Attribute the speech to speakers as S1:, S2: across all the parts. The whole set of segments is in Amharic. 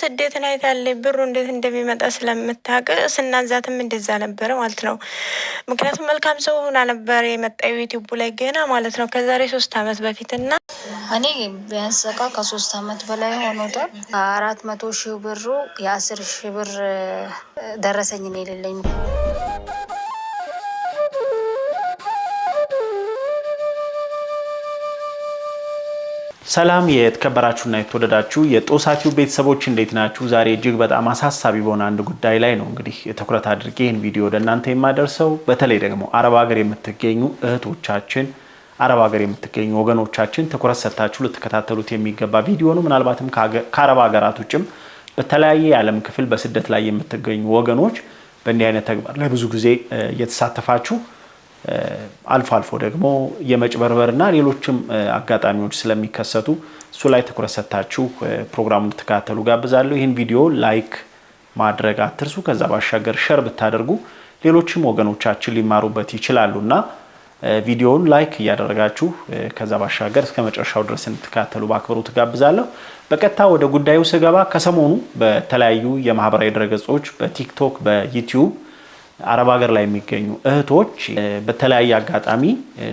S1: ስደትን አይታለች። ብሩ እንዴት እንደሚመጣ ስለምታውቅ ስናዛትም እንደዛ ነበረ ማለት ነው። ምክንያቱም መልካም ሰው ሆና ነበር የመጣ ዩቲዩቡ ላይ ገና ማለት ነው ከዛሬ ሶስት አመት በፊት እና
S2: እኔ ቢያንስ እቃ ከሶስት አመት በላይ ሆኖታል። አራት መቶ ሺህ ብሩ የአስር ሺህ ብር ደረሰኝ ነው የሌለኝ
S3: ሰላም የተከበራችሁና የተወደዳችሁ የጦሳቲው ቤተሰቦች እንዴት ናችሁ? ዛሬ እጅግ በጣም አሳሳቢ በሆነ አንድ ጉዳይ ላይ ነው እንግዲህ ትኩረት አድርጌ ይህን ቪዲዮ ወደ እናንተ የማደርሰው። በተለይ ደግሞ አረብ ሀገር የምትገኙ እህቶቻችን፣ አረብ ሀገር የምትገኙ ወገኖቻችን ትኩረት ሰጥታችሁ ልትከታተሉት የሚገባ ቪዲዮ ነው። ምናልባትም ከአረብ ሀገራት ውጭም በተለያየ የዓለም ክፍል በስደት ላይ የምትገኙ ወገኖች በእንዲህ አይነት ተግባር ላይ ብዙ ጊዜ እየተሳተፋችሁ አልፎ አልፎ ደግሞ እና ሌሎችም አጋጣሚዎች ስለሚከሰቱ እሱ ላይ ትኩረት ሰጥታችሁ ፕሮግራሙ እንድትከታተሉ ጋብዛለሁ። ይህን ቪዲዮ ላይክ ማድረግ አትርሱ። ከዛ ባሻገር ሸር ብታደርጉ ሌሎችም ወገኖቻችን ሊማሩበት ይችላሉና ቪዲዮውን ላይክ እያደረጋችሁ ከዛ ባሻገር እስከ መጨረሻው ድረስ እንድትከታተሉ በአክብሮት ጋብዛለሁ። በቀጥታ ወደ ጉዳዩ ስገባ ከሰሞኑ በተለያዩ የማህበራዊ ድረገጾች በቲክቶክ፣ በዩቲዩብ አረብ ሀገር ላይ የሚገኙ እህቶች በተለያየ አጋጣሚ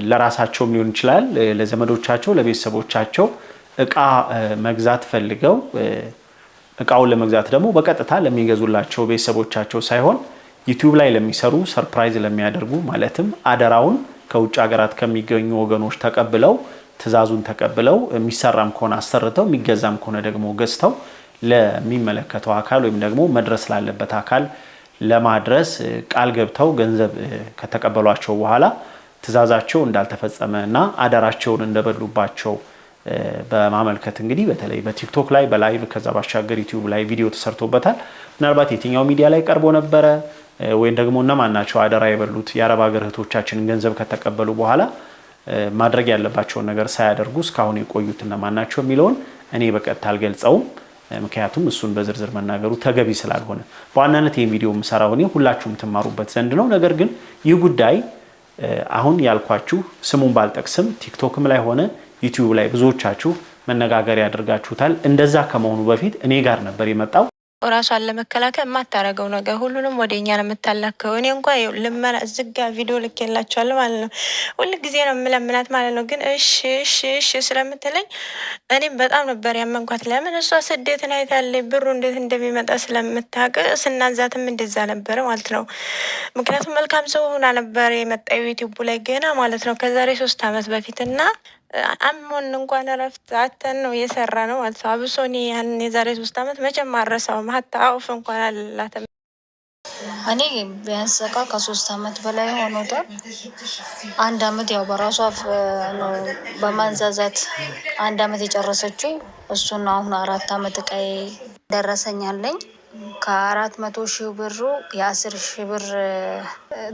S3: ለራሳቸውም ሊሆን ይችላል፣ ለዘመዶቻቸው፣ ለቤተሰቦቻቸው እቃ መግዛት ፈልገው እቃውን ለመግዛት ደግሞ በቀጥታ ለሚገዙላቸው ቤተሰቦቻቸው ሳይሆን ዩቲዩብ ላይ ለሚሰሩ ሰርፕራይዝ ለሚያደርጉ ማለትም አደራውን ከውጭ ሀገራት ከሚገኙ ወገኖች ተቀብለው ትዕዛዙን ተቀብለው የሚሰራም ከሆነ አሰርተው የሚገዛም ከሆነ ደግሞ ገዝተው ለሚመለከተው አካል ወይም ደግሞ መድረስ ላለበት አካል ለማድረስ ቃል ገብተው ገንዘብ ከተቀበሏቸው በኋላ ትዕዛዛቸው እንዳልተፈጸመ እና አደራቸውን እንደበሉባቸው በማመልከት እንግዲህ በተለይ በቲክቶክ ላይ በላይቭ ከዛ ባሻገር ዩቲዩብ ላይ ቪዲዮ ተሰርቶበታል። ምናልባት የትኛው ሚዲያ ላይ ቀርቦ ነበረ ወይም ደግሞ እነማን ናቸው አደራ የበሉት የአረብ ሀገር እህቶቻችንን ገንዘብ ከተቀበሉ በኋላ ማድረግ ያለባቸውን ነገር ሳያደርጉ እስካሁን የቆዩት እነማን ናቸው የሚለውን እኔ በቀጥታ አልገልጸውም። ምክንያቱም እሱን በዝርዝር መናገሩ ተገቢ ስላልሆነ በዋናነት ይህ ቪዲዮ የምሰራው እኔ ሁላችሁም ትማሩበት ዘንድ ነው። ነገር ግን ይህ ጉዳይ አሁን ያልኳችሁ ስሙን ባልጠቅስም ቲክቶክም ላይ ሆነ ዩቲዩብ ላይ ብዙዎቻችሁ መነጋገር ያደርጋችሁታል። እንደዛ ከመሆኑ በፊት እኔ ጋር ነበር የመጣው።
S1: ራሷን ለመከላከል የማታረገው ነገር ሁሉንም ወደ እኛ ነው የምታላከው። እኔ እንኳ ልመና ዝጋ ቪዲዮ ልኬላቸዋለሁ ማለት ነው። ሁል ጊዜ ነው የምለምናት ማለት ነው። ግን እሺ እሺ እሺ ስለምትለኝ እኔም በጣም ነበር ያመንኳት። ለምን እሷ ስደትን አይታለች ብሩ እንዴት እንደሚመጣ ስለምታውቅ ስናዛትም እንደዛ ነበር ማለት ነው። ምክንያቱም መልካም ሰው ሆና ነበር የመጣ ዩቲዩቡ ላይ ገና ማለት ነው ከዛሬ ሶስት አመት በፊት እና አሞን እንኳን እረፍት አተን ነው እየሰራ ነው ማለት ነው። አብሶ እኔ ያን የዛሬ ሶስት አመት መቼም አረሳውም። ሀታ አውፍ እንኳን አላትም።
S2: እኔ ቢያንስ እቃ ከሶስት አመት በላይ ሆኖታል። አንድ አመት ያው በራሷ ነው በማንዛዛት አንድ አመት የጨረሰችው እሱን አሁን አራት አመት ቀይ ደረሰኛለኝ ከአራት መቶ ሺህ ብሩ የአስር ሺህ ብር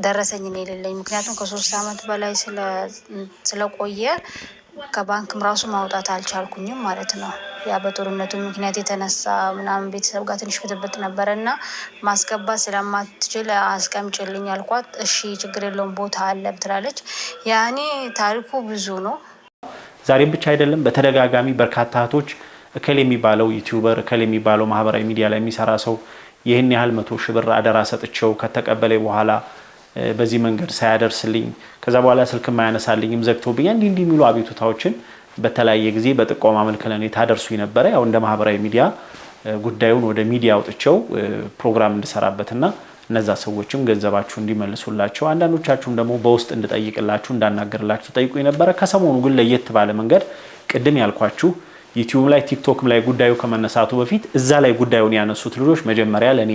S2: ደረሰኝ ነው የሌለኝ። ምክንያቱም ከሶስት አመት በላይ ስለቆየ ከባንክም ራሱ ማውጣት አልቻልኩኝም ማለት ነው። ያ በጦርነቱ ምክንያት የተነሳ ምናምን ቤተሰብ ጋር ትንሽ ብጥብጥ ነበረ እና ማስገባት ስለማትችል አስቀምጭልኝ አልኳት። እሺ ችግር የለውም ቦታ አለ ትላለች። ያኔ ታሪኩ ብዙ ነው።
S3: ዛሬም ብቻ አይደለም በተደጋጋሚ በርካታ እህቶች እከል የሚባለው ዩቲዩበር እከል የሚባለው ማህበራዊ ሚዲያ ላይ የሚሰራ ሰው ይህን ያህል መቶ ሺህ ብር አደራ ሰጥቼው ከተቀበለ በኋላ በዚህ መንገድ ሳያደርስልኝ ከዛ በኋላ ማያነሳልኝም አያነሳልኝም ዘግቶብኛ እንዲህ እንዲህ የሚሉ አቤቱታዎችን በተለያየ ጊዜ በጥቆማ መልክ ለእኔ ታደርሱ ነበረ። ያው እንደ ማህበራዊ ሚዲያ ጉዳዩን ወደ ሚዲያ አውጥቸው ፕሮግራም እንድሰራበትና እነዛ ሰዎችም ገንዘባችሁ እንዲመልሱላቸው አንዳንዶቻችሁም ደግሞ በውስጥ እንድጠይቅላችሁ እንዳናገርላችሁ ጠይቁ ነበረ። ከሰሞኑ ግን ለየት ባለ መንገድ ቅድም ያልኳችሁ ዩቲዩብ ላይ ቲክቶክም ላይ ጉዳዩ ከመነሳቱ በፊት እዛ ላይ ጉዳዩን ያነሱት ልጆች መጀመሪያ ለእኔ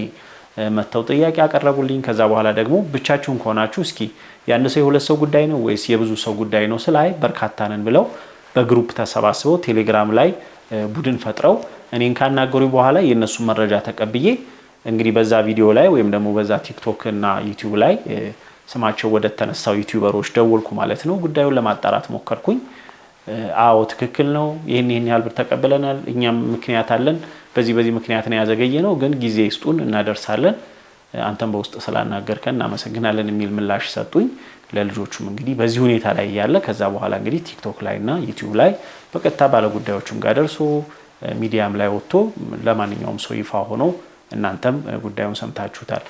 S3: መጥተው ጥያቄ ያቀረቡልኝ። ከዛ በኋላ ደግሞ ብቻችሁን ከሆናችሁ እስኪ የአንድ ሰው የሁለት ሰው ጉዳይ ነው ወይስ የብዙ ሰው ጉዳይ ነው ስላይ በርካታነን ብለው በግሩፕ ተሰባስበው ቴሌግራም ላይ ቡድን ፈጥረው እኔን ካናገሩ በኋላ የእነሱን መረጃ ተቀብዬ እንግዲህ በዛ ቪዲዮ ላይ ወይም ደግሞ በዛ ቲክቶክ እና ዩቲዩብ ላይ ስማቸው ወደ ተነሳው ዩቲዩበሮች ደወልኩ ማለት ነው። ጉዳዩን ለማጣራት ሞከርኩኝ። አዎ ትክክል ነው፣ ይህን ይህን ያህል ብር ተቀብለናል፣ እኛም ምክንያት አለን በዚህ በዚህ ምክንያት ነው ያዘገየ ነው፣ ግን ጊዜ ይስጡን እናደርሳለን፣ አንተም በውስጥ ስላናገርከን እናመሰግናለን የሚል ምላሽ ሰጡኝ። ለልጆቹም እንግዲህ በዚህ ሁኔታ ላይ እያለ ከዛ በኋላ እንግዲህ ቲክቶክ ላይ እና ዩቲዩብ ላይ በቀጥታ ባለጉዳዮችም ጋር ደርሶ ሚዲያም ላይ ወጥቶ ለማንኛውም ሰው ይፋ ሆኖ እናንተም ጉዳዩን ሰምታችሁታል።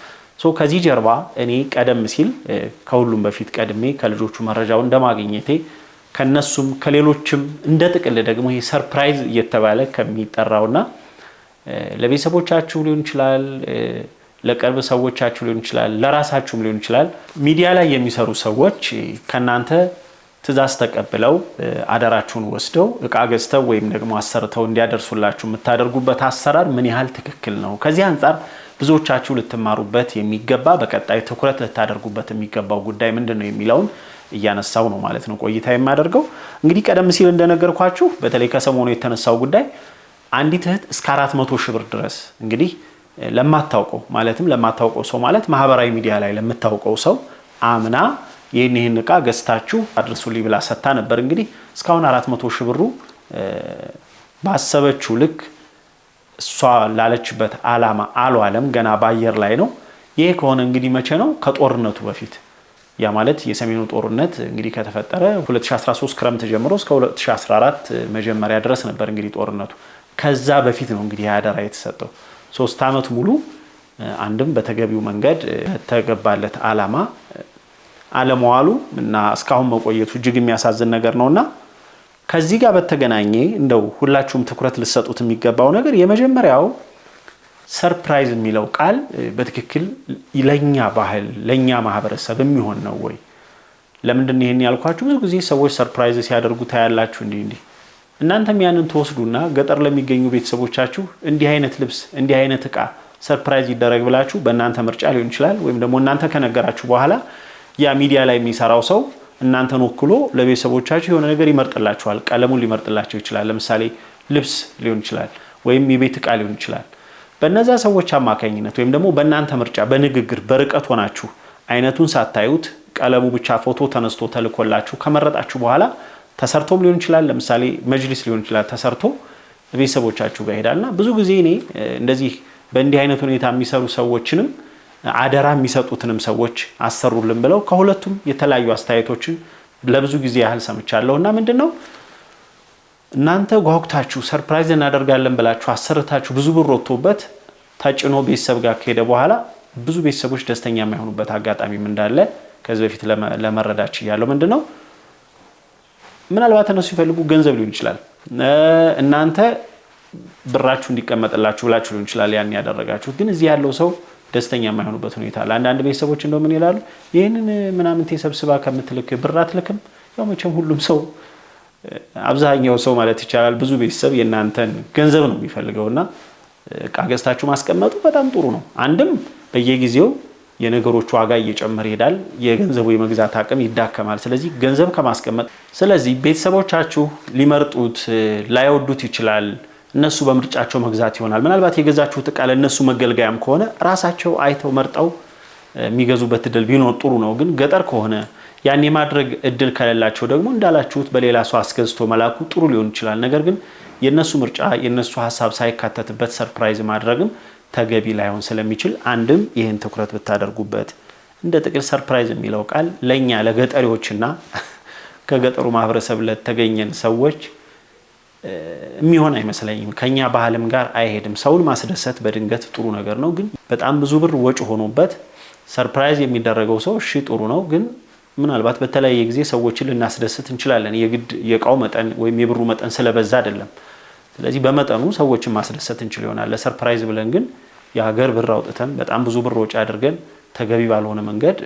S3: ሶ ከዚህ ጀርባ እኔ ቀደም ሲል ከሁሉም በፊት ቀድሜ ከልጆቹ መረጃውን እንደማግኘቴ ከነሱም ከሌሎችም እንደ ጥቅል ደግሞ ይሄ ሰርፕራይዝ እየተባለ ከሚጠራውና ለቤተሰቦቻችሁ ሊሆን ይችላል፣ ለቅርብ ሰዎቻችሁ ሊሆን ይችላል፣ ለራሳችሁም ሊሆን ይችላል። ሚዲያ ላይ የሚሰሩ ሰዎች ከእናንተ ትዛዝ ተቀብለው አደራችሁን ወስደው እቃ ገዝተው ወይም ደግሞ አሰርተው እንዲያደርሱላችሁ የምታደርጉበት አሰራር ምን ያህል ትክክል ነው? ከዚህ አንጻር ብዙዎቻችሁ ልትማሩበት የሚገባ በቀጣይ ትኩረት ልታደርጉበት የሚገባው ጉዳይ ምንድን ነው የሚለውን እያነሳው ነው ማለት ነው ቆይታ የማደርገው። እንግዲህ ቀደም ሲል እንደነገርኳችሁ በተለይ ከሰሞኑ የተነሳው ጉዳይ አንዲት እህት እስከ አራት መቶ ሺህ ብር ድረስ እንግዲህ ለማታውቀው ማለትም ለማታውቀው ሰው ማለት ማህበራዊ ሚዲያ ላይ ለምታውቀው ሰው አምና ይህን ይህን እቃ ገዝታችሁ አድርሱልኝ ብላ ሰታ ነበር። እንግዲህ እስካሁን አራት መቶ ሺህ ብሩ ባሰበችው ልክ እሷ ላለችበት አላማ አልዋለም፣ ገና በአየር ላይ ነው። ይሄ ከሆነ እንግዲህ መቼ ነው? ከጦርነቱ በፊት ያ ማለት የሰሜኑ ጦርነት እንግዲህ ከተፈጠረ 2013 ክረምት ጀምሮ እስከ 2014 መጀመሪያ ድረስ ነበር እንግዲህ ጦርነቱ። ከዛ በፊት ነው እንግዲህ አደራ የተሰጠው ሶስት ዓመት ሙሉ አንድም በተገቢው መንገድ ተገባለት አላማ አለመዋሉ እና እስካሁን መቆየቱ እጅግ የሚያሳዝን ነገር ነው እና ከዚህ ጋር በተገናኘ እንደው ሁላችሁም ትኩረት ልሰጡት የሚገባው ነገር የመጀመሪያው ሰርፕራይዝ የሚለው ቃል በትክክል ለእኛ ባህል ለእኛ ማህበረሰብ የሚሆን ነው ወይ? ለምንድን ይህን ያልኳችሁ? ብዙ ጊዜ ሰዎች ሰርፕራይዝ ሲያደርጉ ታያላችሁ እንዲህ እንዲህ እናንተም ያንን ትወስዱና ገጠር ለሚገኙ ቤተሰቦቻችሁ እንዲህ አይነት ልብስ እንዲህ አይነት እቃ ሰርፕራይዝ ይደረግ ብላችሁ በእናንተ ምርጫ ሊሆን ይችላል፣ ወይም ደግሞ እናንተ ከነገራችሁ በኋላ ያ ሚዲያ ላይ የሚሰራው ሰው እናንተን ወክሎ ለቤተሰቦቻችሁ የሆነ ነገር ይመርጥላችኋል። ቀለሙን ሊመርጥላቸው ይችላል። ለምሳሌ ልብስ ሊሆን ይችላል፣ ወይም የቤት እቃ ሊሆን ይችላል። በእነዛ ሰዎች አማካኝነት ወይም ደግሞ በእናንተ ምርጫ በንግግር በርቀት ሆናችሁ አይነቱን ሳታዩት ቀለሙ ብቻ ፎቶ ተነስቶ ተልኮላችሁ ከመረጣችሁ በኋላ ተሰርቶም ሊሆን ይችላል። ለምሳሌ መጅሊስ ሊሆን ይችላል ተሰርቶ ቤተሰቦቻችሁ ጋር ይሄዳል ብዙ ጊዜ እኔ እንደዚህ በእንዲህ አይነት ሁኔታ የሚሰሩ ሰዎችንም አደራ የሚሰጡትንም ሰዎች አሰሩልን ብለው ከሁለቱም የተለያዩ አስተያየቶችን ለብዙ ጊዜ ያህል ሰምቻለሁ እና ምንድን ነው እናንተ ጓጉታችሁ ሰርፕራይዝ እናደርጋለን ብላችሁ አሰርታችሁ ብዙ ብር ወጥቶበት ተጭኖ ቤተሰብ ጋር ከሄደ በኋላ ብዙ ቤተሰቦች ደስተኛ የማይሆኑበት አጋጣሚም እንዳለ ከዚህ በፊት ለመረዳች ችያለሁ። ምንድን ነው ምናልባት እነሱ ሲፈልጉ ገንዘብ ሊሆን ይችላል። እናንተ ብራችሁ እንዲቀመጥላችሁ ብላችሁ ሊሆን ይችላል ያን ያደረጋችሁት። ግን እዚህ ያለው ሰው ደስተኛ የማይሆኑበት ሁኔታ ለአንዳንድ ቤተሰቦች እንደው ምን ይላሉ፣ ይህንን ምናምን ተሰብስባ ከምትልክ ብር አትልክም። ያው መቼም ሁሉም ሰው አብዛኛው ሰው ማለት ይቻላል ብዙ ቤተሰብ የእናንተን ገንዘብ ነው የሚፈልገው እና እቃ ገዝታችሁ ማስቀመጡ በጣም ጥሩ ነው። አንድም በየጊዜው የነገሮች ዋጋ እየጨመረ ይሄዳል። የገንዘቡ የመግዛት አቅም ይዳከማል። ስለዚህ ገንዘብ ከማስቀመጥ ስለዚህ ቤተሰቦቻችሁ ሊመርጡት ላይወዱት ይችላል። እነሱ በምርጫቸው መግዛት ይሆናል። ምናልባት የገዛችሁት እቃ ለእነሱ መገልገያም ከሆነ ራሳቸው አይተው መርጠው የሚገዙበት እድል ቢኖር ጥሩ ነው። ግን ገጠር ከሆነ ያን የማድረግ እድል ከሌላቸው ደግሞ እንዳላችሁት በሌላ ሰው አስገዝቶ መላኩ ጥሩ ሊሆን ይችላል። ነገር ግን የእነሱ ምርጫ የእነሱ ሀሳብ ሳይካተትበት ሰርፕራይዝ ማድረግም ተገቢ ላይሆን ስለሚችል አንድም ይህን ትኩረት ብታደርጉበት። እንደ ጥቅል ሰርፕራይዝ የሚለው ቃል ለእኛ ለገጠሪዎችና ከገጠሩ ማህበረሰብ ለተገኘን ሰዎች የሚሆን አይመስለኝም። ከኛ ባህልም ጋር አይሄድም። ሰውን ማስደሰት በድንገት ጥሩ ነገር ነው፣ ግን በጣም ብዙ ብር ወጪ ሆኖበት ሰርፕራይዝ የሚደረገው ሰው እሺ ጥሩ ነው፣ ግን ምናልባት በተለያየ ጊዜ ሰዎችን ልናስደስት እንችላለን። የግድ የእቃው መጠን ወይም የብሩ መጠን ስለበዛ አይደለም። ስለዚህ በመጠኑ ሰዎችን ማስደሰት እንችል ይሆናል። ለሰርፕራይዝ ብለን ግን የሀገር ብር አውጥተን በጣም ብዙ ብር ወጪ አድርገን ተገቢ ባልሆነ መንገድ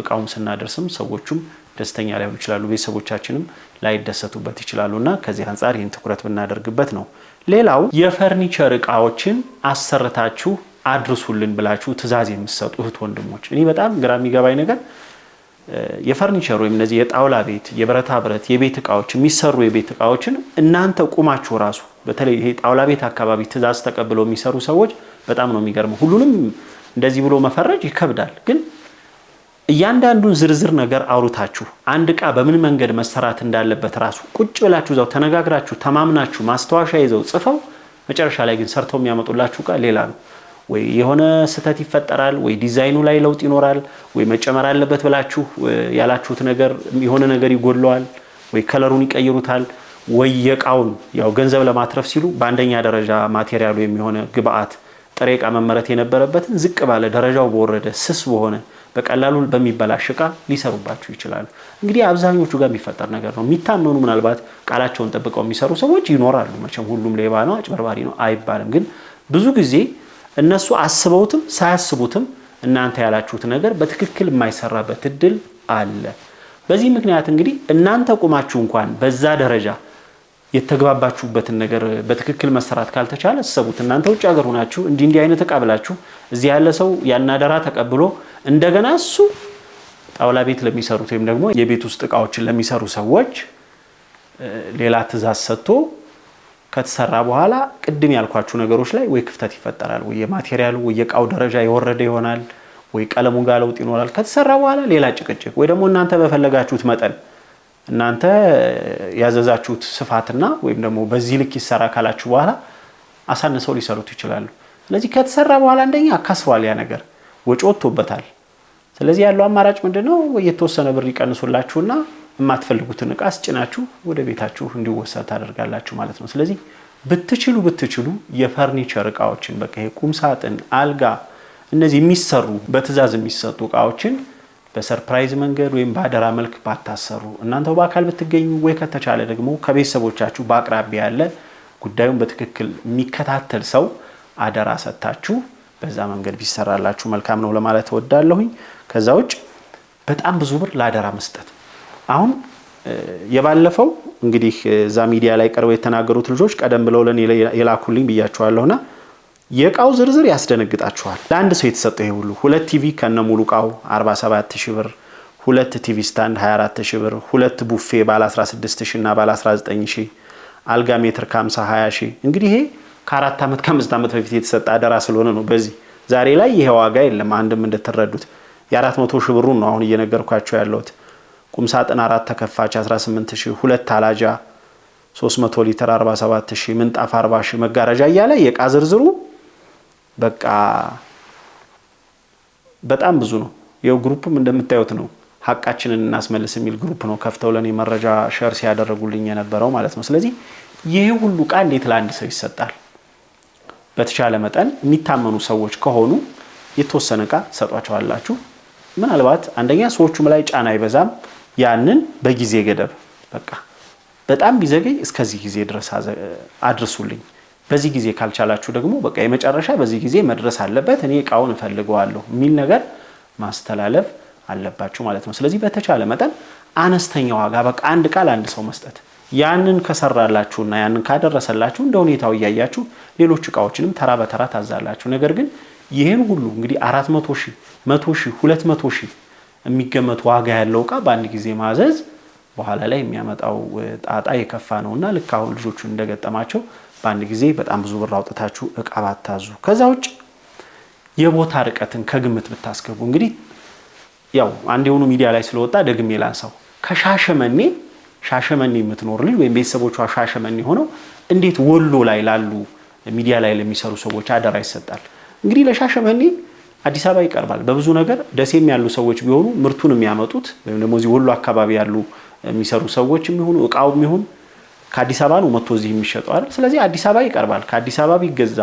S3: እቃውን ስናደርስም ሰዎቹም ደስተኛ ላይሆኑ ይችላሉ፣ ቤተሰቦቻችንም ላይደሰቱበት ይችላሉ እና ከዚህ አንጻር ይህን ትኩረት ብናደርግበት ነው። ሌላው የፈርኒቸር እቃዎችን አሰርታችሁ አድርሱልን ብላችሁ ትዕዛዝ የምትሰጡ እህት ወንድሞች፣ እኔ በጣም ግራ የሚገባኝ ነገር የፈርኒቸር ወይም እነዚህ የጣውላ ቤት፣ የብረታ ብረት፣ የቤት እቃዎች የሚሰሩ የቤት እቃዎችን እናንተ ቁማችሁ ራሱ በተለይ ይሄ ጣውላ ቤት አካባቢ ትዕዛዝ ተቀብለው የሚሰሩ ሰዎች በጣም ነው የሚገርመው። ሁሉንም እንደዚህ ብሎ መፈረጅ ይከብዳል። ግን እያንዳንዱን ዝርዝር ነገር አውርታችሁ አንድ እቃ በምን መንገድ መሰራት እንዳለበት ራሱ ቁጭ ብላችሁ ዛው ተነጋግራችሁ ተማምናችሁ ማስታወሻ ይዘው ጽፈው መጨረሻ ላይ ግን ሰርተው የሚያመጡላችሁ እቃ ሌላ ነው። ወይ የሆነ ስህተት ይፈጠራል፣ ወይ ዲዛይኑ ላይ ለውጥ ይኖራል፣ ወይ መጨመር አለበት ብላችሁ ያላችሁት ነገር የሆነ ነገር ይጎለዋል፣ ወይ ከለሩን ይቀይሩታል፣ ወይ የእቃውን ያው ገንዘብ ለማትረፍ ሲሉ በአንደኛ ደረጃ ማቴሪያሉ የሚሆነ ግብአት ጥሬ እቃ መመረት የነበረበትን ዝቅ ባለ ደረጃው በወረደ ስስ በሆነ በቀላሉ በሚበላሽ እቃ ሊሰሩባቸው ይችላሉ። እንግዲህ አብዛኞቹ ጋር የሚፈጠር ነገር ነው። የሚታመኑ ምናልባት ቃላቸውን ጠብቀው የሚሰሩ ሰዎች ይኖራሉ። መቼም ሁሉም ሌባ ነው አጭበርባሪ ነው አይባልም። ግን ብዙ ጊዜ እነሱ አስበውትም ሳያስቡትም እናንተ ያላችሁት ነገር በትክክል የማይሰራበት እድል አለ። በዚህ ምክንያት እንግዲህ እናንተ ቁማችሁ እንኳን በዛ ደረጃ የተግባባችሁበትን ነገር በትክክል መሰራት ካልተቻለ ሰቡት። እናንተ ውጭ ሀገር ሆናችሁ እንዲህ እንዲህ አይነት እቃ ብላችሁ እዚህ ያለ ሰው ያን አደራ ተቀብሎ እንደገና እሱ ጣውላ ቤት ለሚሰሩት ወይም ደግሞ የቤት ውስጥ እቃዎችን ለሚሰሩ ሰዎች ሌላ ትእዛዝ ሰጥቶ ከተሰራ በኋላ ቅድም ያልኳችሁ ነገሮች ላይ ወይ ክፍተት ይፈጠራል፣ ወይ የማቴሪያሉ ወይ የእቃው ደረጃ የወረደ ይሆናል፣ ወይ ቀለሙ ጋር ለውጥ ይኖራል። ከተሰራ በኋላ ሌላ ጭቅጭቅ፣ ወይ ደግሞ እናንተ በፈለጋችሁት መጠን እናንተ ያዘዛችሁት ስፋትና ወይም ደግሞ በዚህ ልክ ይሰራ ካላችሁ በኋላ አሳንሰው ሊሰሩት ይችላሉ። ስለዚህ ከተሰራ በኋላ አንደኛ ከስሯል፣ ያ ነገር ወጪ ወጥቶበታል። ስለዚህ ያለው አማራጭ ምንድን ነው? የተወሰነ ብር ይቀንሱላችሁና የማትፈልጉትን እቃ አስጭናችሁ ወደ ቤታችሁ እንዲወሰድ ታደርጋላችሁ ማለት ነው። ስለዚህ ብትችሉ ብትችሉ የፈርኒቸር እቃዎችን በቃ ቁም ሳጥን፣ አልጋ፣ እነዚህ የሚሰሩ በትዕዛዝ የሚሰጡ እቃዎችን በሰርፕራይዝ መንገድ ወይም በአደራ መልክ ባታሰሩ፣ እናንተው በአካል ብትገኙ ወይ ከተቻለ ደግሞ ከቤተሰቦቻችሁ በአቅራቢያ ያለ ጉዳዩን በትክክል የሚከታተል ሰው አደራ ሰጥታችሁ በዛ መንገድ ቢሰራላችሁ መልካም ነው ለማለት እወዳለሁኝ። ከዛ ውጭ በጣም ብዙ ብር ለአደራ መስጠት አሁን የባለፈው እንግዲህ እዛ ሚዲያ ላይ ቀርበው የተናገሩት ልጆች ቀደም ብለው ለን የላኩልኝ ብያቸዋለሁና የእቃው ዝርዝር ያስደነግጣችኋል። ለአንድ ሰው የተሰጠው ይሄ ሁሉ ሁለት ቲቪ ከነ ሙሉ እቃው 47 ሺ ብር፣ ሁለት ቲቪ ስታንድ 24 ሺ ብር፣ ሁለት ቡፌ ባለ 16 ሺ እና ባለ 19 ሺ፣ አልጋ ሜትር ከ50 20 ሺ። እንግዲህ ይሄ ከአራት ዓመት ከአምስት ዓመት በፊት የተሰጠ አደራ ስለሆነ ነው። በዚህ ዛሬ ላይ ይሄ ዋጋ የለም። አንድም እንድትረዱት የአራት መቶ ሺ ብሩን ነው አሁን እየነገርኳቸው ያለሁት። ቁምሳጥን አራት ተከፋች 18 ሺ፣ ሁለት አላጃ 300 ሊትር 47 ሺ፣ ምንጣፍ 40 ሺ፣ መጋረጃ እያለ የእቃ ዝርዝሩ በቃ በጣም ብዙ ነው። ይኸው ግሩፕም እንደምታዩት ነው። ሀቃችንን እናስመልስ የሚል ግሩፕ ነው ከፍተው ለእኔ መረጃ ሸር ሲያደረጉልኝ የነበረው ማለት ነው። ስለዚህ ይህ ሁሉ ዕቃ እንዴት ለአንድ ሰው ይሰጣል? በተቻለ መጠን የሚታመኑ ሰዎች ከሆኑ የተወሰነ ዕቃ ሰጧቸዋላችሁ። ምናልባት አንደኛ ሰዎቹም ላይ ጫና አይበዛም። ያንን በጊዜ ገደብ በቃ በጣም ቢዘገይ እስከዚህ ጊዜ ድረስ አድርሱልኝ በዚህ ጊዜ ካልቻላችሁ ደግሞ በቃ የመጨረሻ በዚህ ጊዜ መድረስ አለበት እኔ እቃውን እፈልገዋለሁ የሚል ነገር ማስተላለፍ አለባችሁ ማለት ነው። ስለዚህ በተቻለ መጠን አነስተኛ ዋጋ በቃ አንድ ቃል አንድ ሰው መስጠት ያንን ከሰራላችሁና ያንን ካደረሰላችሁ እንደ ሁኔታው እያያችሁ ሌሎች እቃዎችንም ተራ በተራ ታዛላችሁ። ነገር ግን ይህን ሁሉ እንግዲህ አራት መቶ ሺህ መቶ ሺህ ሁለት መቶ ሺህ የሚገመት ዋጋ ያለው እቃ በአንድ ጊዜ ማዘዝ በኋላ ላይ የሚያመጣው ጣጣ የከፋ ነውና ልክ አሁን ልጆቹን እንደገጠማቸው በአንድ ጊዜ በጣም ብዙ ብር አውጥታችሁ እቃ ባታዙ። ከዛ ውጭ የቦታ ርቀትን ከግምት ብታስገቡ እንግዲህ ያው አንድ የሆኑ ሚዲያ ላይ ስለወጣ ደግሜ ላንሳው። ከሻሸመኔ ሻሸመኔ የምትኖር ልጅ ወይም ቤተሰቦቿ ሻሸመኔ ሆነው እንዴት ወሎ ላይ ላሉ ሚዲያ ላይ ለሚሰሩ ሰዎች አደራ ይሰጣል። እንግዲህ ለሻሸመኔ አዲስ አበባ ይቀርባል በብዙ ነገር። ደሴም ያሉ ሰዎች ቢሆኑ ምርቱን የሚያመጡት ወይም ደግሞ እዚህ ወሎ አካባቢ ያሉ የሚሰሩ ሰዎች የሚሆኑ እቃው የሚሆን ከአዲስ አበባ ነው መጥቶ እዚህ የሚሸጠው አይደል? ስለዚህ አዲስ አበባ ይቀርባል። ከአዲስ አበባ ቢገዛ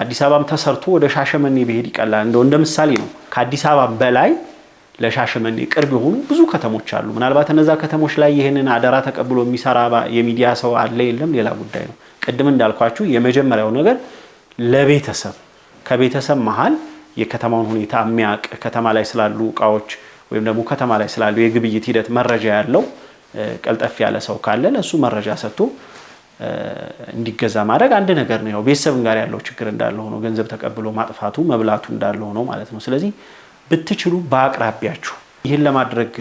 S3: አዲስ አበባም ተሰርቶ ወደ ሻሸመኔ ብሄድ ይቀላል። እንደው እንደ ምሳሌ ነው። ከአዲስ አበባ በላይ ለሻሸመኔ ቅርብ የሆኑ ብዙ ከተሞች አሉ። ምናልባት እነዛ ከተሞች ላይ ይህንን አደራ ተቀብሎ የሚሰራ የሚዲያ ሰው አለ የለም ሌላ ጉዳይ ነው። ቅድም እንዳልኳችሁ የመጀመሪያው ነገር ለቤተሰብ ከቤተሰብ መሀል የከተማውን ሁኔታ የሚያውቅ ከተማ ላይ ስላሉ እቃዎች ወይም ደግሞ ከተማ ላይ ስላሉ የግብይት ሂደት መረጃ ያለው ቀልጠፍ ያለ ሰው ካለ ለእሱ መረጃ ሰጥቶ እንዲገዛ ማድረግ አንድ ነገር ነው። ያው ቤተሰብን ጋር ያለው ችግር እንዳለ ሆኖ ገንዘብ ተቀብሎ ማጥፋቱ መብላቱ እንዳለ ሆኖ ማለት ነው። ስለዚህ ብትችሉ በአቅራቢያችሁ ይህን ለማድረግ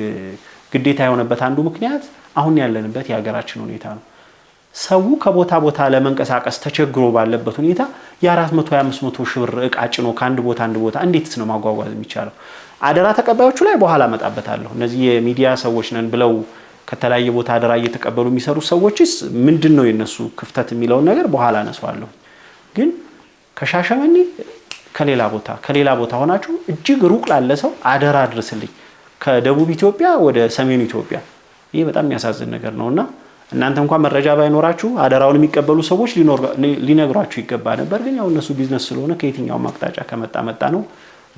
S3: ግዴታ የሆነበት አንዱ ምክንያት አሁን ያለንበት የሀገራችን ሁኔታ ነው። ሰው ከቦታ ቦታ ለመንቀሳቀስ ተቸግሮ ባለበት ሁኔታ የአራት መቶ የአምስት መቶ ሺህ ብር እቃ ጭኖ ከአንድ ቦታ አንድ ቦታ እንዴትስ ነው ማጓጓዝ የሚቻለው? አደራ ተቀባዮቹ ላይ በኋላ እመጣበታለሁ። እነዚህ የሚዲያ ሰዎች ነን ብለው ከተለያየ ቦታ አደራ እየተቀበሉ የሚሰሩ ሰዎችስ ምንድን ነው የነሱ ክፍተት የሚለውን ነገር በኋላ አነሳዋለሁ። ግን ከሻሸመኔ ከሌላ ቦታ ከሌላ ቦታ ሆናችሁ እጅግ ሩቅ ላለ ሰው አደራ አድርስልኝ፣ ከደቡብ ኢትዮጵያ ወደ ሰሜኑ ኢትዮጵያ። ይህ በጣም የሚያሳዝን ነገር ነው እና እናንተ እንኳን መረጃ ባይኖራችሁ አደራውን የሚቀበሉ ሰዎች ሊነግሯችሁ ይገባ ነበር። ግን ያው እነሱ ቢዝነስ ስለሆነ ከየትኛውም አቅጣጫ ከመጣ መጣ ነው።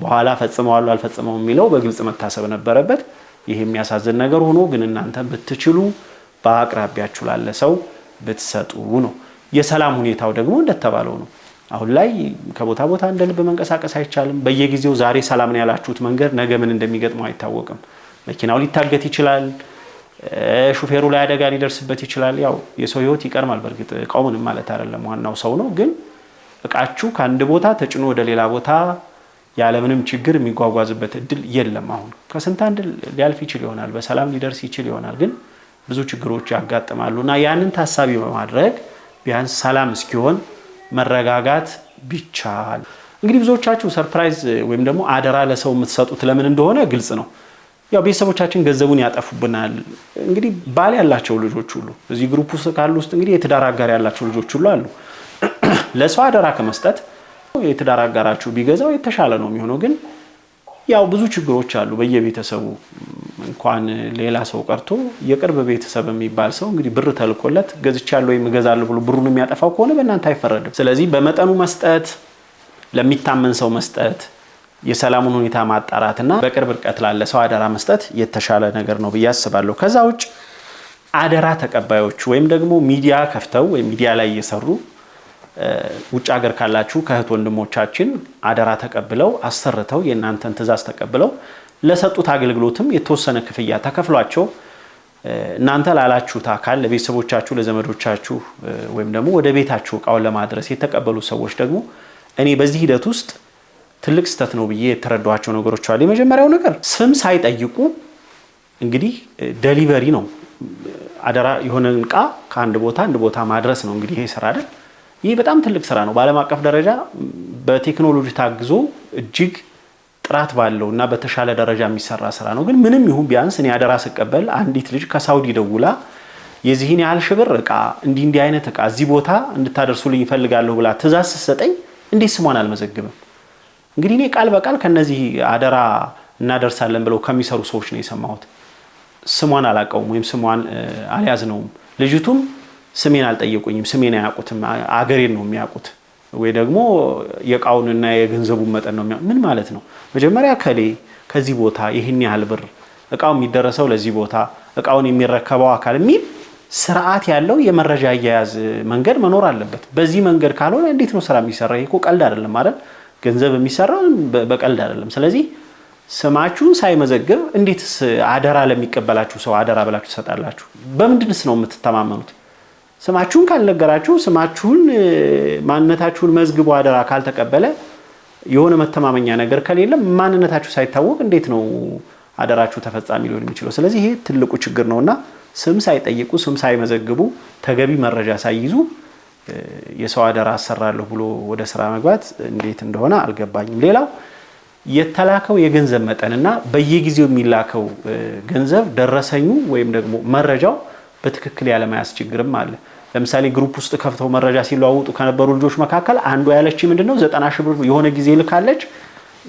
S3: በኋላ ፈጽመዋሉ አልፈጽመው የሚለው በግልጽ መታሰብ ነበረበት። ይህ የሚያሳዝን ነገር ሆኖ ግን እናንተ ብትችሉ በአቅራቢያችሁ ላለ ሰው ብትሰጡ ነው። የሰላም ሁኔታው ደግሞ እንደተባለው ነው። አሁን ላይ ከቦታ ቦታ እንደ ልብ መንቀሳቀስ አይቻልም። በየጊዜው ዛሬ ሰላምን ያላችሁት መንገድ ነገ ምን እንደሚገጥመው አይታወቅም። መኪናው ሊታገት ይችላል። ሹፌሩ ላይ አደጋ ሊደርስበት ይችላል። ያው የሰው ህይወት ይቀርማል በእርግጥ እቃው ምንም ማለት አይደለም፣ ዋናው ሰው ነው። ግን እቃችሁ ከአንድ ቦታ ተጭኖ ወደ ሌላ ቦታ ያለምንም ችግር የሚጓጓዝበት እድል የለም። አሁን ከስንት አንድ ሊያልፍ ይችል ይሆናል፣ በሰላም ሊደርስ ይችል ይሆናል። ግን ብዙ ችግሮች ያጋጥማሉ እና ያንን ታሳቢ በማድረግ ቢያንስ ሰላም እስኪሆን መረጋጋት ቢቻል እንግዲህ ብዙዎቻችሁ ሰርፕራይዝ ወይም ደግሞ አደራ ለሰው የምትሰጡት ለምን እንደሆነ ግልጽ ነው። ያው ቤተሰቦቻችን ገንዘቡን ያጠፉብናል። እንግዲህ ባል ያላቸው ልጆች ሁሉ እዚህ ግሩፕ ውስጥ ካሉ ውስጥ እንግዲህ የትዳር አጋር ያላቸው ልጆች ሁሉ አሉ። ለሰው አደራ ከመስጠት የትዳር አጋራችሁ ቢገዛው የተሻለ ነው የሚሆነው። ግን ያው ብዙ ችግሮች አሉ በየቤተሰቡ እንኳን ሌላ ሰው ቀርቶ የቅርብ ቤተሰብ የሚባል ሰው እንግዲህ ብር ተልኮለት ገዝቻለሁ ወይም እገዛለሁ ብሎ ብሩን የሚያጠፋው ከሆነ በእናንተ አይፈረድም። ስለዚህ በመጠኑ መስጠት፣ ለሚታመን ሰው መስጠት፣ የሰላሙን ሁኔታ ማጣራትና በቅርብ ርቀት ላለ ሰው አደራ መስጠት የተሻለ ነገር ነው ብዬ አስባለሁ። ከዛ ውጭ አደራ ተቀባዮች ወይም ደግሞ ሚዲያ ከፍተው ወይም ሚዲያ ላይ እየሰሩ ውጭ ሀገር ካላችሁ ከእህት ወንድሞቻችን አደራ ተቀብለው አሰርተው የእናንተን ትዕዛዝ ተቀብለው ለሰጡት አገልግሎትም የተወሰነ ክፍያ ተከፍሏቸው እናንተ ላላችሁት አካል ለቤተሰቦቻችሁ፣ ለዘመዶቻችሁ ወይም ደግሞ ወደ ቤታችሁ እቃውን ለማድረስ የተቀበሉ ሰዎች ደግሞ እኔ በዚህ ሂደት ውስጥ ትልቅ ስህተት ነው ብዬ የተረዷቸው ነገሮች አሉ። የመጀመሪያው ነገር ስም ሳይጠይቁ እንግዲህ ደሊቨሪ ነው አደራ የሆነ እቃ ከአንድ ቦታ አንድ ቦታ ማድረስ ነው እንግዲህ ይሄ ስራ አይደል ይህ በጣም ትልቅ ስራ ነው። በዓለም አቀፍ ደረጃ በቴክኖሎጂ ታግዞ እጅግ ጥራት ባለው እና በተሻለ ደረጃ የሚሰራ ስራ ነው። ግን ምንም ይሁን ቢያንስ እኔ አደራ ስቀበል አንዲት ልጅ ከሳውዲ ደውላ የዚህን ያህል ሽብር እቃ እንዲህ እንዲህ አይነት እቃ እዚህ ቦታ እንድታደርሱልኝ ይፈልጋለሁ ብላ ትእዛዝ ስትሰጠኝ እንዴት ስሟን አልመዘግብም? እንግዲህ እኔ ቃል በቃል ከነዚህ አደራ እናደርሳለን ብለው ከሚሰሩ ሰዎች ነው የሰማሁት። ስሟን አላውቀውም ወይም ስሟን አልያዝ ነውም ልጅቱም ስሜን አልጠየቁኝም፣ ስሜን አያውቁትም። አገሬን ነው የሚያውቁት ወይ ደግሞ የእቃውንና የገንዘቡን መጠን ነው የሚያውቁት። ምን ማለት ነው? መጀመሪያ ከሌ ከዚህ ቦታ ይህን ያህል ብር እቃው የሚደረሰው ለዚህ ቦታ እቃውን የሚረከበው አካል የሚል ስርዓት ያለው የመረጃ አያያዝ መንገድ መኖር አለበት። በዚህ መንገድ ካልሆነ እንዴት ነው ስራ የሚሰራ? ይሄ እኮ ቀልድ አይደለም አይደል? ገንዘብ የሚሰራ በቀልድ አይደለም። ስለዚህ ስማችሁን ሳይመዘግብ እንዴትስ አደራ ለሚቀበላችሁ ሰው አደራ ብላችሁ ትሰጣላችሁ? በምንድንስ ነው የምትተማመኑት? ስማችሁን ካልነገራችሁ ስማችሁን ማንነታችሁን መዝግቦ አደራ ካልተቀበለ የሆነ መተማመኛ ነገር ከሌለም ማንነታችሁ ሳይታወቅ እንዴት ነው አደራችሁ ተፈጻሚ ሊሆን የሚችለው? ስለዚህ ይሄ ትልቁ ችግር ነው እና ስም ሳይጠይቁ ስም ሳይመዘግቡ ተገቢ መረጃ ሳይይዙ የሰው አደራ አሰራለሁ ብሎ ወደ ስራ መግባት እንዴት እንደሆነ አልገባኝም። ሌላው የተላከው የገንዘብ መጠንና በየጊዜው የሚላከው ገንዘብ ደረሰኙ ወይም ደግሞ መረጃው በትክክል ያለማያስ ችግርም አለ። ለምሳሌ ግሩፕ ውስጥ ከፍተው መረጃ ሲለዋውጡ ከነበሩ ልጆች መካከል አንዷ ያለች ምንድነው ዘጠና ሺህ ብር የሆነ ጊዜ ልካለች።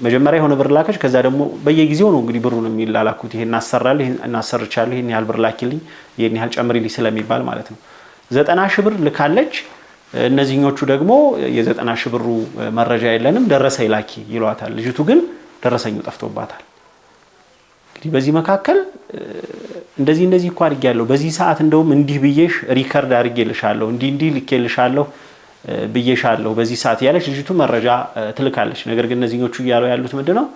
S3: መጀመሪያ የሆነ ብር ላከች። ከዛ ደግሞ በየጊዜው ነው እንግዲህ ብሩን የሚላላኩት። ይሄ እናሰራል እናሰርቻለሁ፣ ይህን ያህል ብር ላኪልኝ፣ ይህን ያህል ጨምሪልኝ ስለሚባል ማለት ነው። ዘጠና ሺህ ብር ልካለች። እነዚህኞቹ ደግሞ የዘጠና ሺህ ብሩ መረጃ የለንም ደረሰኝ ላኪ ይሏታል። ልጅቱ ግን ደረሰኙ ጠፍቶባታል። እንግዲህ በዚህ መካከል እንደዚህ እንደዚህ እኮ አድርጌያለሁ፣ በዚህ ሰዓት እንደውም እንዲህ ብዬሽ ሪከርድ አድርጌልሻለሁ፣ እንዲህ እንዲህ ልኬልሻለሁ ብዬሻለሁ በዚህ ሰዓት እያለች ልጅቱ መረጃ ትልካለች። ነገር ግን እነዚህኞቹ እያለው ያሉት ምንድን ነው?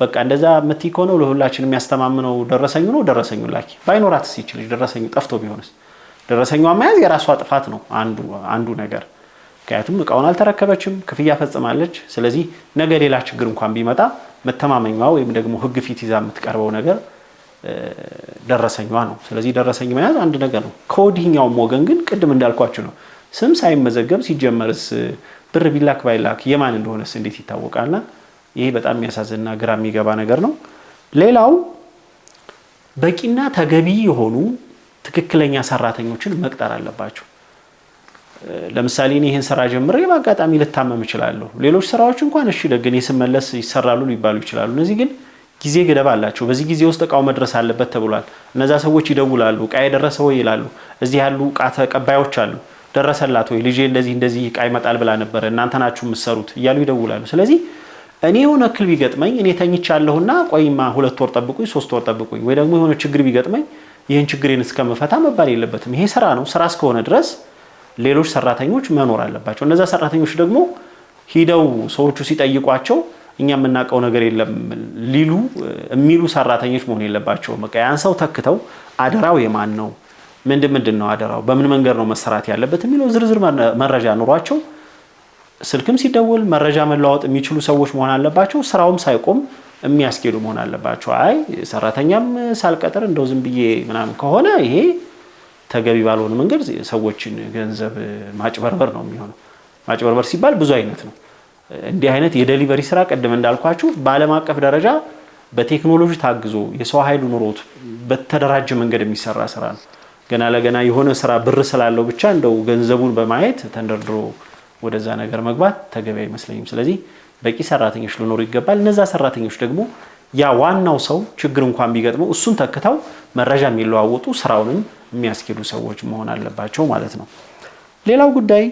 S3: በቃ እንደዛ ምት ከሆነው ለሁላችን የሚያስተማምነው ደረሰኙ ነው። ደረሰኙ ላኪ። ባይኖራትስ ይች ልጅ ደረሰኙ ጠፍቶ ቢሆንስ? ደረሰኟ መያዝ የራሷ ጥፋት ነው አንዱ ነገር። ምክንያቱም እቃውን አልተረከበችም፣ ክፍያ ፈጽማለች። ስለዚህ ነገ ሌላ ችግር እንኳን ቢመጣ መተማመኛዋ ወይም ደግሞ ህግ ፊት ይዛ የምትቀርበው ነገር ደረሰኛዋ ነው። ስለዚህ ደረሰኝ መያዝ አንድ ነገር ነው። ከወዲህኛውም ወገን ግን ቅድም እንዳልኳችሁ ነው። ስም ሳይመዘገብ ሲጀመርስ ብር ቢላክ ባይላክ የማን እንደሆነስ እንዴት ይታወቃልና ይሄ በጣም የሚያሳዝንና ግራ የሚገባ ነገር ነው። ሌላው በቂና ተገቢ የሆኑ ትክክለኛ ሰራተኞችን መቅጠር አለባቸው። ለምሳሌ እኔ ይህን ስራ ጀምሬ በአጋጣሚ ልታመም እችላለሁ። ሌሎች ስራዎች እንኳን እሺ ደግን ስመለስ ይሰራሉ ሊባሉ ይችላሉ። እነዚህ ግን ጊዜ ገደብ አላቸው። በዚህ ጊዜ ውስጥ እቃው መድረስ አለበት ተብሏል። እነዛ ሰዎች ይደውላሉ፣ እቃ የደረሰ ወይ ይላሉ። እዚህ ያሉ እቃ ተቀባዮች አሉ። ደረሰላት ወይ ልጄ እንደዚህ እንደዚህ እቃ ይመጣል ብላ ነበረ፣ እናንተ ናችሁ የምትሰሩት እያሉ ይደውላሉ። ስለዚህ እኔ የሆነ እክል ቢገጥመኝ እኔ ተኝቻለሁና ቆይማ ሁለት ወር ጠብቁኝ፣ ሶስት ወር ጠብቁኝ ወይ ደግሞ የሆነ ችግር ቢገጥመኝ ይህን ችግሬን እስከምፈታ መባል የለበትም። ይሄ ስራ ነው። ስራ እስከሆነ ድረስ ሌሎች ሰራተኞች መኖር አለባቸው። እነዛ ሰራተኞች ደግሞ ሂደው ሰዎቹ ሲጠይቋቸው እኛ የምናውቀው ነገር የለም ሊሉ የሚሉ ሰራተኞች መሆን የለባቸው። በቃ ያን ሰው ተክተው አደራው የማን ነው፣ ምንድን ምንድን ነው አደራው፣ በምን መንገድ ነው መሰራት ያለበት የሚለው ዝርዝር መረጃ ኑሯቸው ስልክም ሲደወል መረጃ መለዋወጥ የሚችሉ ሰዎች መሆን አለባቸው። ስራውም ሳይቆም የሚያስኬዱ መሆን አለባቸው። አይ ሰራተኛም ሳልቀጥር እንደው ዝም ብዬ ምናምን ከሆነ ይሄ ተገቢ ባልሆነ መንገድ ሰዎችን ገንዘብ ማጭበርበር ነው የሚሆነው። ማጭበርበር ሲባል ብዙ አይነት ነው። እንዲህ አይነት የዴሊቨሪ ስራ ቀደም እንዳልኳችሁ በዓለም አቀፍ ደረጃ በቴክኖሎጂ ታግዞ የሰው ኃይሉ ኑሮት በተደራጀ መንገድ የሚሰራ ስራ ነው። ገና ለገና የሆነ ስራ ብር ስላለው ብቻ እንደው ገንዘቡን በማየት ተንደርድሮ ወደዛ ነገር መግባት ተገቢ አይመስለኝም። ስለዚህ በቂ ሰራተኞች ሊኖሩ ይገባል። እነዛ ሰራተኞች ደግሞ ያ ዋናው ሰው ችግር እንኳን ቢገጥመው እሱን ተክተው መረጃ የሚለዋወጡ ስራውንም የሚያስኬዱ ሰዎች መሆን አለባቸው ማለት ነው። ሌላው ጉዳይ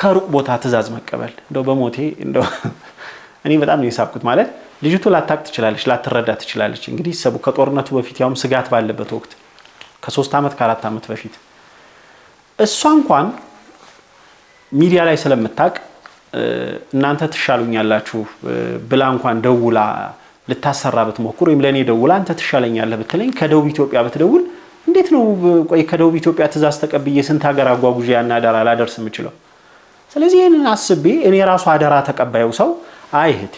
S3: ከሩቅ ቦታ ትእዛዝ መቀበል እንደው በሞቴ እንደው እኔ በጣም ነው የሳብኩት። ማለት ልጅቱ ላታቅ ትችላለች፣ ላትረዳ ትችላለች። እንግዲህ ሰቡ ከጦርነቱ በፊት ያውም ስጋት ባለበት ወቅት ከሶስት ዓመት ከአራት ዓመት በፊት እሷ እንኳን ሚዲያ ላይ ስለምታውቅ እናንተ ትሻሉኛላችሁ ብላ እንኳን ደውላ ልታሰራ ብትሞክር ወይም ለእኔ ደውላ አንተ ትሻለኛለህ ብትለኝ ከደቡብ ኢትዮጵያ ብትደውል እንዴት ነው ቆይ ከደቡብ ኢትዮጵያ ትእዛዝ ተቀብዬ ስንት ሀገር አጓጉዣ ያን አደራ ላደርስ የምችለው? ስለዚህ ይህንን አስቤ እኔ ራሱ አደራ ተቀባዩ ሰው አይ እህቴ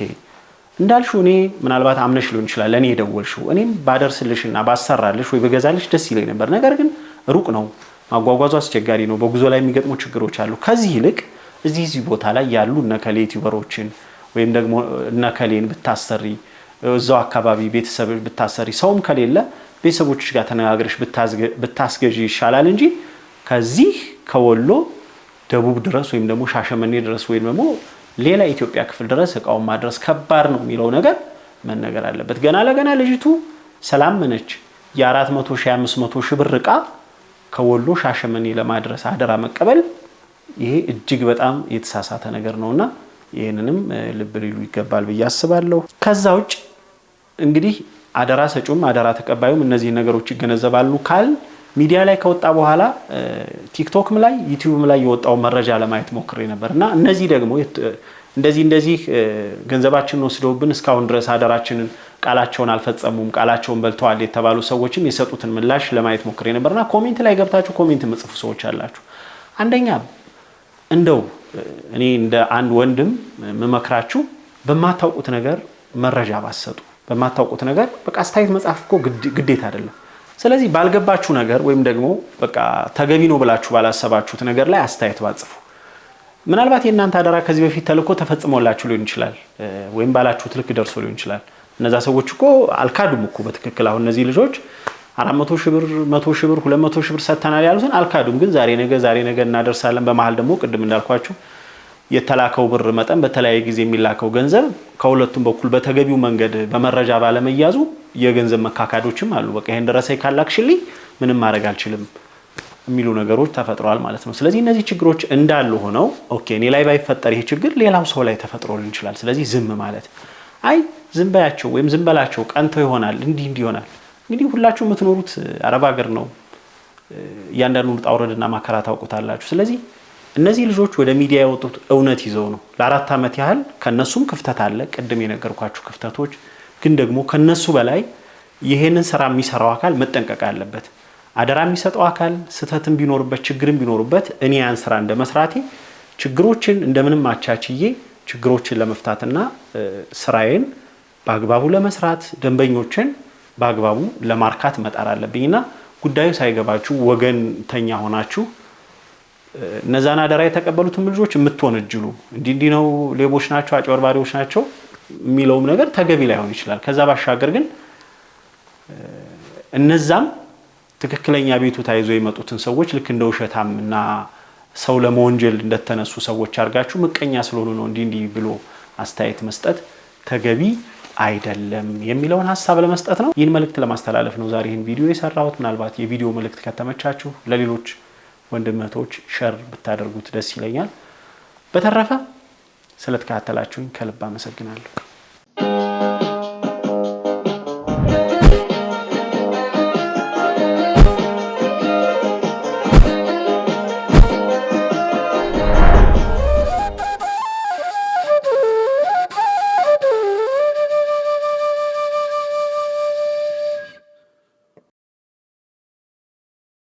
S3: እንዳልሽው እኔ ምናልባት አምነሽ ሊሆን ይችላል ለእኔ የደወልሽው እኔም ባደርስልሽና ባሰራልሽ ወይ በገዛልሽ ደስ ይለኝ ነበር። ነገር ግን ሩቅ ነው፣ ማጓጓዙ አስቸጋሪ ነው፣ በጉዞ ላይ የሚገጥሙ ችግሮች አሉ። ከዚህ ይልቅ እዚህ እዚህ ቦታ ላይ ያሉ እነከሌ ዩቲዩበሮችን ወይም ደግሞ እነከሌን ብታሰሪ እዛው አካባቢ ቤተሰብ ብታሰሪ ሰውም ከሌለ ቤተሰቦች ጋር ተነጋግረሽ ብታስገዢ ይሻላል እንጂ ከዚህ ከወሎ ደቡብ ድረስ ወይም ደግሞ ሻሸመኔ ድረስ ወይም ደግሞ ሌላ ኢትዮጵያ ክፍል ድረስ እቃውን ማድረስ ከባድ ነው የሚለው ነገር መነገር አለበት። ገና ለገና ልጅቱ ሰላም መነች የ400 ሺ 500 ሺ ብር እቃ ከወሎ ሻሸመኔ ለማድረስ አደራ መቀበል ይሄ እጅግ በጣም የተሳሳተ ነገር ነውና ይህንንም ልብ ሊሉ ይገባል ብዬ አስባለሁ። ከዛ ውጭ እንግዲህ አደራ ሰጩም አደራ ተቀባዩም እነዚህ ነገሮች ይገነዘባሉ ካል ሚዲያ ላይ ከወጣ በኋላ ቲክቶክም ላይ ዩቲዩብም ላይ የወጣው መረጃ ለማየት ሞክሬ ነበር እና እነዚህ ደግሞ እንደዚህ እንደዚህ ገንዘባችንን ወስደውብን እስካሁን ድረስ አደራችንን ቃላቸውን አልፈጸሙም፣ ቃላቸውን በልተዋል የተባሉ ሰዎችም የሰጡትን ምላሽ ለማየት ሞክሬ እና ኮሜንት ላይ ገብታችሁ ኮሜንት የምጽፉ ሰዎች አላችሁ። አንደኛ እንደው እኔ እንደ አንድ ወንድም የምመክራችሁ በማታውቁት ነገር መረጃ ባሰጡ በማታውቁት ነገር በቃ አስተያየት መጽሐፍ እኮ ግዴታ አይደለም። ስለዚህ ባልገባችሁ ነገር ወይም ደግሞ በቃ ተገቢ ነው ብላችሁ ባላሰባችሁት ነገር ላይ አስተያየት ባጽፉ። ምናልባት የእናንተ አደራ ከዚህ በፊት ተልኮ ተፈጽሞላችሁ ሊሆን ይችላል፣ ወይም ባላችሁት ልክ ደርሶ ሊሆን ይችላል። እነዛ ሰዎች እኮ አልካዱም እኮ በትክክል አሁን እነዚህ ልጆች አራት መቶ ሺህ ብር መቶ ሺህ ብር ሁለት መቶ ሺህ ብር ሰጥተናል ያሉትን አልካዱም። ግን ዛሬ ነገ ዛሬ ነገ እናደርሳለን። በመሀል ደግሞ ቅድም እንዳልኳችሁ የተላከው ብር መጠን በተለያየ ጊዜ የሚላከው ገንዘብ ከሁለቱም በኩል በተገቢው መንገድ በመረጃ ባለመያዙ የገንዘብ መካካዶችም አሉ። በቃ ይሄን ደረሰኝ ካላክሽልኝ ምንም ማድረግ አልችልም የሚሉ ነገሮች ተፈጥረዋል ማለት ነው። ስለዚህ እነዚህ ችግሮች እንዳሉ ሆነው ኦኬ እኔ ላይ ባይፈጠር ይሄ ችግር ሌላው ሰው ላይ ተፈጥሮ ልን ይችላል። ስለዚህ ዝም ማለት አይ ዝም በያቸው ወይም ዝም በላቸው ቀንተው ይሆናል እንዲህ እንዲህ ይሆናል እንግዲህ ሁላችሁ የምትኖሩት አረብ ሀገር ነው። እያንዳንዱ ውጣ ውረድና ማከራ ታውቁታላችሁ። ስለዚህ እነዚህ ልጆች ወደ ሚዲያ የወጡት እውነት ይዘው ነው። ለአራት ዓመት ያህል ከነሱም ክፍተት አለ፣ ቅድም የነገርኳችሁ ክፍተቶች። ግን ደግሞ ከነሱ በላይ ይሄንን ስራ የሚሰራው አካል መጠንቀቅ አለበት። አደራ የሚሰጠው አካል ስህተትም ቢኖርበት ችግርም ቢኖርበት እኔ ያን ስራ እንደ መስራቴ ችግሮችን እንደምንም አቻችዬ ችግሮችን ለመፍታትና ስራዬን በአግባቡ ለመስራት ደንበኞችን በአግባቡ ለማርካት መጣር አለብኝ እና ጉዳዩ ሳይገባችሁ ወገንተኛ ሆናችሁ እነዛን አደራ የተቀበሉትን ልጆች የምትወነጅሉ እንዲህ እንዲህ ነው፣ ሌቦች ናቸው፣ አጭበርባሪዎች ናቸው የሚለውም ነገር ተገቢ ላይሆን ይችላል። ከዛ ባሻገር ግን እነዛም ትክክለኛ ቤቱ ታይዞ የመጡትን ሰዎች ልክ እንደ ውሸታም እና ሰው ለመወንጀል እንደተነሱ ሰዎች አድርጋችሁ ምቀኛ ስለሆኑ ነው እንዲህ እንዲህ ብሎ አስተያየት መስጠት ተገቢ አይደለም የሚለውን ሀሳብ ለመስጠት ነው። ይህን መልእክት ለማስተላለፍ ነው ዛሬ ይህን ቪዲዮ የሰራሁት። ምናልባት የቪዲዮ መልእክት ከተመቻችሁ ለሌሎች ወንድምህቶች ሸር ብታደርጉት ደስ ይለኛል። በተረፈ ስለተከታተላችሁኝ ከልብ አመሰግናለሁ።